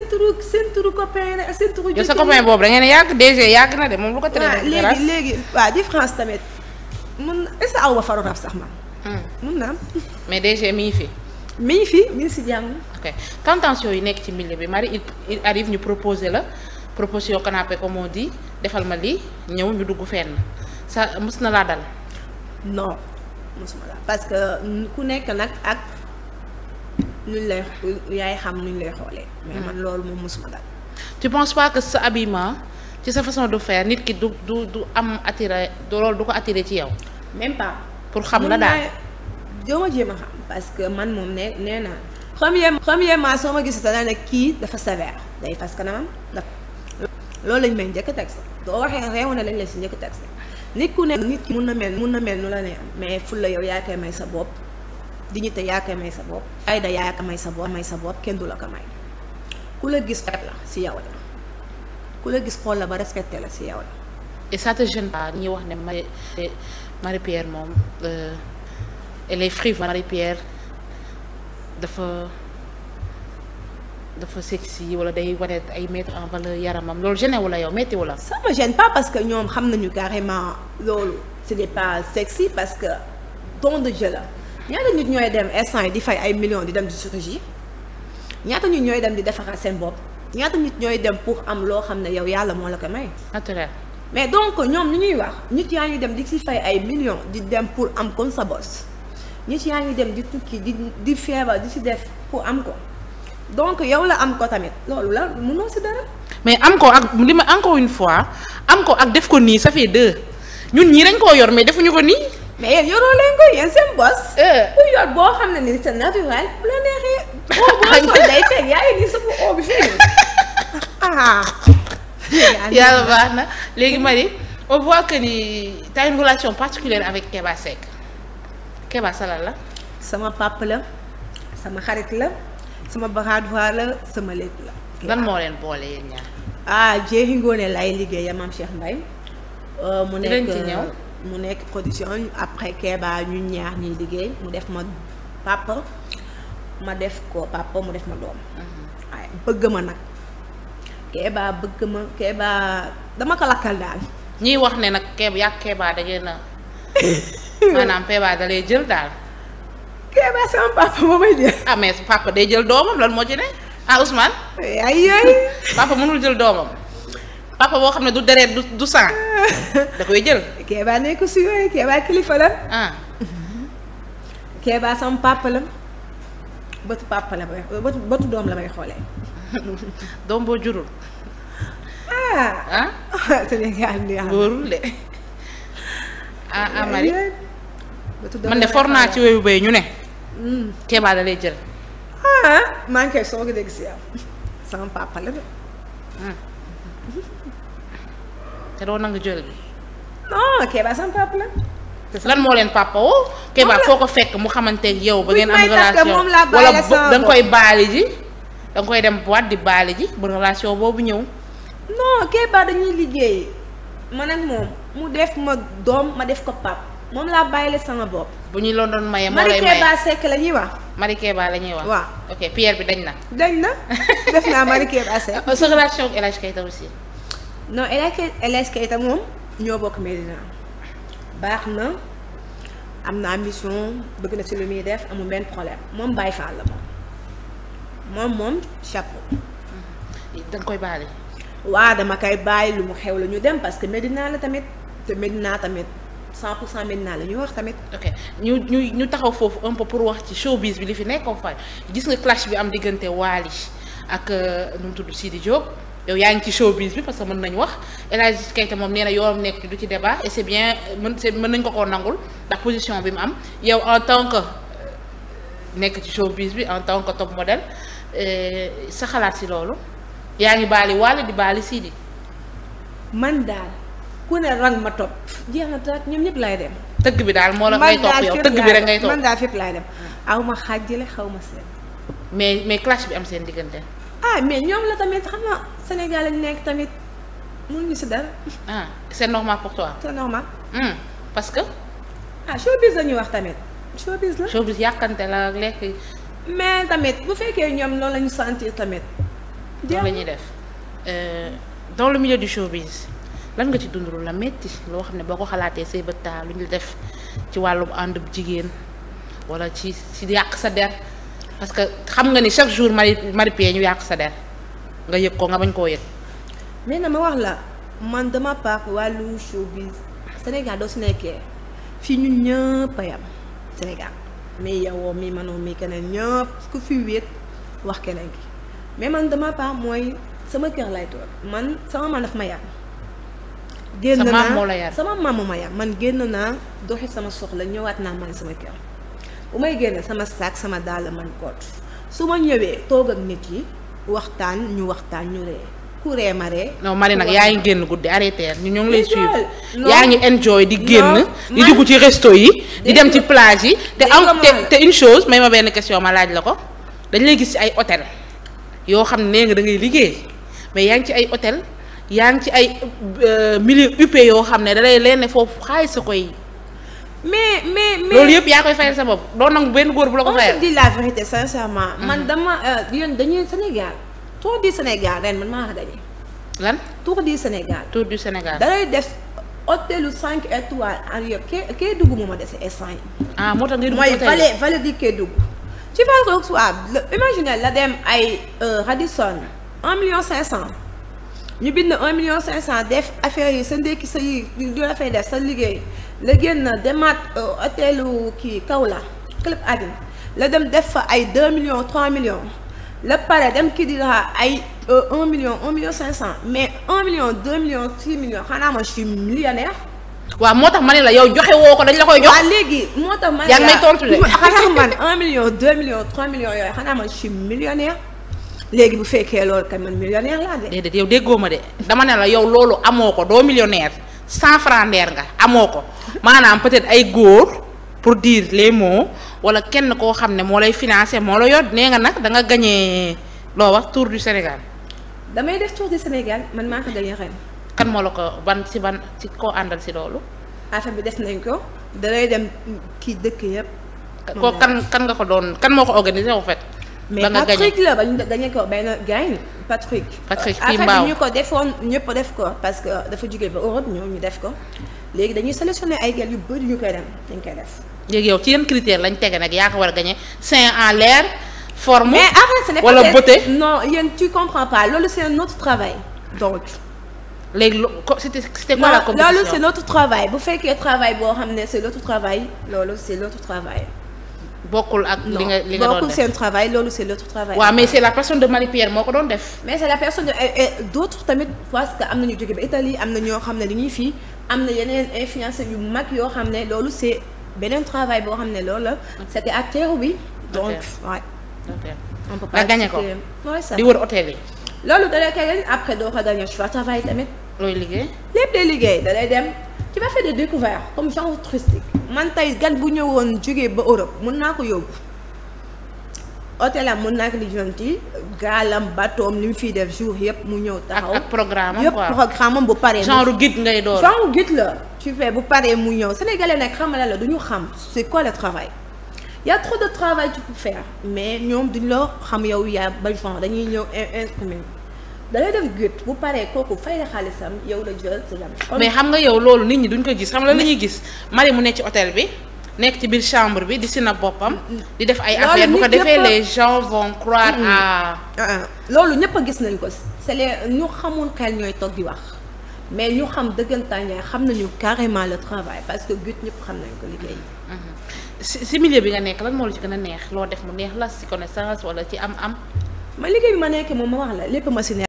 seen turu seen turu copain la seen turu. yow sa copain boobu da ngeen a yàgg DG yàgg na de moom lu ko teree. waaw léegi léegi waaw tamit mun est-ce que faru rab sax man. Hmm. mun na mais DG mi ngi fi. mi ngi fi mi ngi si jàmm. ok tentation yi nekk ci milieu bi Marie il il arrive ñu proposé la proposition canapé comme on di defal ma lii ñëw ñu dugg fenn sa mës na laa dal. non mësuma laa parce ku nekk nag ak. luñ lay yaay xam luñ lay xoolee. mais man hmm. loolu moom mosuma dal. tu penses pas que sa habillement ci sa façon de faire nit ki du du du am attiré loolu du ko attiré ci yow. même pas. pour xam la daal mun naa jéem a xam parce que man moom nee nee naa. premièrement premièrement soo ma gisee dana ne kii dafa sévère day fas kanamam ndax loolu lañ may njëkk a teg sax doo waxee réew na lañ la si njëkk a teg sax nit ku ne nit ki mun na mel mun na mel nu la ne am mais ful la yow yaa koy may sa bopp. dignité yaa koy may sa bopp fayda yaa ko may sa bopp may sa kenn du la ko may ku la gis kat ku la gis xool la ba respecté la si yow la. et ça te gêne ñuy wax ne Marie Marie Pierre moom euh, elle est frivole Marie Pierre dafa dafa sexy wala day wane ay mettre en valeur yaramam loolu gêné wu la yow métti wu la. ça me gêne parce que ñoom xam nañu carrément loolu ce n'est pas sexy parce que ton de jeu la. ñaata nit ñooy dem instant yi di fay ay millions di dem di chirurgie ñaata nit ñooy dem di defaraat seen bopp ñaata nit ñooy dem pour am loo xam ne yow yàlla moo la ko may. naturel mais donc ñoom li ñuy wax nit yaa ngi dem di ci fay ay millions di dem pour am kon sa bos nit yaa ngi dem di tukki di di feebar di si def pour am ko donc yow la am ko tamit loolu la mënoo ci dara. mais am ko ak li ma encore une fois am ko ak def ko nii ça fait ñun ñii dañ koo yor mais defuñu ko nii. mais yéen yoroo leen ko yéen seen bos. Euh. ku yor boo xam ne ni c'est naturel bu la neexee. boo boo ah. que ni t'as une relation particulière avec Keba Seck la. sama papa la sama xarit la sama baraadwaa la sama lépp la. lan moo leen boole yéen ñaar. ah jeexi ngoone lay liggéeyam am Cheikh Mbaye. Euh, mu nekk dinañ ci mu nekk production après keebaa ñu ñaar ñuy liggéey mu def ma papa ma def ko papa mu def ma doom mm-hmm. waaye bëgg ma nag Kéba bëgg ma Kéba dama ko lakkal daal ñuy wax ne nag Kéba yàgg Kéba da a maanaam Kéba da jël daal Kéba sama papa moo may jël ah mais papa day jël doomam lan moo ci ne ah Ousmane ay ay papa mënul jël doomam papa boo xam ne du deret du du sang da koy jël. Kéba nekk si yooyu Kéba kilifa la. ah. Kéba sama la bëtu papa la may bëtu doom la may xoolee. doom boo jurul. ah, ah? ah, ah man de for naa ci wéyu bay ñu ne. Hmm. Kéba da lay jël. ah maa ngi koy soog a dégg si yow sama la de. Hmm. te doo nangu jël bi. non Kéba sama papa la. lan moo leen papa woo. Kéba foo ko fekk mu xamante xamanteeg yow. ba ngeen am relation wala da nga koy baali ji. da koy dem boîte di baali ji ba relation boobu ñëw. non Kéba dañuy liggéey ma ak moom mu def ma doom ma def ko pap moom laa bàyyile sama bopp. bu ñu la doon maye moo lay maye Mari ñuy wax. Mari Kéba la ñuy wax. ok Pierre bi dañ na. dañ na def naa Mari Kéba Seck. sa relation ak El Hadj Keita no non Elias tam moom ñoo bokk Medina baax na am na ambition bëgg na ci lu muy def amul benn problème moom Baye fa la moom moom moom chapeau. Mm-hmm. da nga koy baale. waa dama koy bàyyi lu mu xew la ñu dem parce que Medina la tamit te Medina tamit 100 pour cent Medina la ñuy wax tamit. ok ñu ñu ñu taxaw foofu un peu pour wax ci showbiz bi li fi nekkoon fay gis nga clash bi am diggante Wally ak euh, nu mu tudd di Diop. yow yaa ngi ci showbiz bi parce que mën nañu wax El Hadj Keita moom nee na yoonam nekk ci du ci débat et c'est bien mën c'est mën ko nangul ndax position bi mu am yow en tant que euh, nekk ci showbiz bi en tant que top modèle euh, sa xalaat si loolu yaa ngi baali wàll di baali Sidi. man daal ku ne rang ma topp jeex na taat ñoom ñëpp laay dem. tëgg bi daal moo la ngay topp yow tëgg bi rek ngay topp man daal fépp laay dem aw ma xaajale xaw ma seen. mais mais clash bi am seen diggante. ah mais Sénégal lañ nekk tamit mënuñu si dara. ah c' est normal pour toi. normal. Hmm, parce que. ah showbiz la ñuy wax tamit. showbiz la showbiz la ak lekk. mais tamit bu fekkee ñoom loolu la ñu sentir tamit. jéem la ñuy def euh, dans le milieu du lan nga ci dund la métti loo xam ne boo ko xalaatee say bët taa lu ñu def ci wàllum bu jigéen wala ci ci yàq sa der parce que xam nga ni chaque jour mari mari ñu yàq sa der. nga yëg ko nga bañ koo yëg. mais na ma wax la man dama part wàllu showbiz Sénégal doo si nekkee fii ñun ñëpp a yam Sénégal mais yowoo mi manoo mi keneen ñëpp ku fi wéet wax keneen gi mais man dama part mooy sama kër lay toog man sama man daf ma yam génn naa sama maam ma yam man génn naa doxi sama soxla ñëwaat naa man sama kër bu may génn sama saak sama dàll man koot su ma ñëwee toog ak nit yi waxtaan ñu waxtaan ñu ree ku ree ma ree non Marie nag yaa ngi génn guddi arrêté ñu ñoo ngi lay suivre yaa ngi enjoy di génn di dugg ci resto yi di dem ci plage yi te am te une chose may ma benn question ma laaj la ko dañ lay gis ci ay hôtel yoo xam ne nee nga da ngay liggéey mais yaa ngi ci ay hôtel yaa ngi ci ay euh, milieu huppé yoo xam ne da lenn foofu xaalis sa koy mais mais mais loolu yëpp yaa koy fayal sa bopp doo nangu benn góor bu la ko fayal. on se la vérité sincèrement. Mm-hmm. man dama euh, yoon dañuy Sénégal tour du Sénégal ren man maa wax dañuy. lan tour du Sénégal. tour du Sénégal da lay def. hôtelu 5 étoiles ak yow kee kee dugg moo ma dese instant yi. ah moo tax ngay dugg mooy valet valet di kee dugg. ci vas le soir imagine la dem ay euh, Radisson 1 million 500 ñu bind 1 million cent def affaire yi sa ndékki sa yi du fay def sa liggéey. la génn demaat euh, hôtelu kii Kaolack Club Adine la dem def fa ay 2 million 3 millions la pare dem Kidira ay 1 euh, million 1 million 500 mais 1 million 2 millions 6 xanaa ma je suis waaw moo tax ma ne la yow joxe woo ko dañ la koy jox. léegi moo tax ma ne la yaa ngi may tontu de xanaa man 1 million 2 millions 3 millions yooyu xanaa ma je suis millionnaire. léegi bu fekkee loolu kay man millionnaire laa de. déedéet yow déggoo ma de dama ne la yow loolu amoo ko doo millionnaire cent franc ndeer nga amoo ko. maanaam peut-être ay góor pour dire les moo wala kenn koo xam ne moo lay financé moo la yor nee nga nag da nga gagné loo wax tour du Sénégal. damay def tour du Sénégal man maa ko gagné ren. kan moo la ko ban ci ban ci ko àndal ci loolu. affaire bi des nañ ko. dalay dem kii dëkk yëpp. ko kan kan nga ko doon kan moo ko organisé en fait. ba nga gagné mais Patrick la ba ñu gagné ko benn gaañ. Patrick. Patrick fii Mbao ñu ko defoon ñëpp def ko parce que dafa jóge ba Europe ñëw ñu def ko léegi dañuy sélectionné ay gel yu bëri ñu koy dem dañ koy def. léegi yow ci yan critère lañ tege nag yaa ko war a gagné sein en l'air forme mais après ce n'est pas wala beauté non yéen tu comprends pas loolu c'est notre travail donc. léegi loo c'était c'était quoi la compétition loolu c'est notre travail bu fekkee travail boo xam ne c'est notre travail loolu c'est notre travail. bokkul ak li nga li nga doon def bokkul seen travail loolu c'est l'autre mais c'est la personne de marie moo ko doon def. mais c'est la personne de d'autres tamit parce que am na ñu jóge ba Italie am na ñoo xam ne li ñuy fii am na yeneen influenceurs yu mag yoo xam ne loolu se beneen travail boo xam ne loolu la. c'était ak teeru bi. donc waay. on peut pas gagné ko di wër hôtel yi. loolu da lay kay après doo ko gagné choix travail tamit. looy liggéey. lépp day liggéey da lay dem. ci m'as fait des découvertes comme genre touristique man tey gan bu ñëwoon jógee ba Europe mën naa ko yóbbu hôtel am mën naa ko lijjanti gaalam batoom li mu fiy def jour yëpp mu ñëw taxaw ak programme am yëpp programme am bu paree. genre guide ngay door genre guide la. tu fais bu paree mu ñëw sénégalais nag xamale la du ñu xam c'est quoi le travail. y trop de travail tu peux mais ñoom duñ loo xam yow yaa bañ genre dañuy ñëw instrument. da lay def gët bu paree kooku fay la xaalisam yow la jël sa mais xam nga yow loolu nit ñi duñ ko gis xam nga la ñuy gis mari mu ne ci hôtel bi nekk ci biir chambre bi di si na boppam. di def ay affaires bu ko defee les gens vont croire mm-hmm. à. Ah, ah. loolu ñëpp a gis nañ ko c'est les ñu xamul xel ñooy toog di wax. mais ñu xam dëggantaan yaay xam nañu carrément la travail parce que gut ñëpp xam nañ ko liggéey. Mm-hmm. si si milieu bi nga nekk lan moo la ci gën a neex loo def mu neex la si connaissance wala ci am-am. ma liggéey bi ma nekk moom ma wax si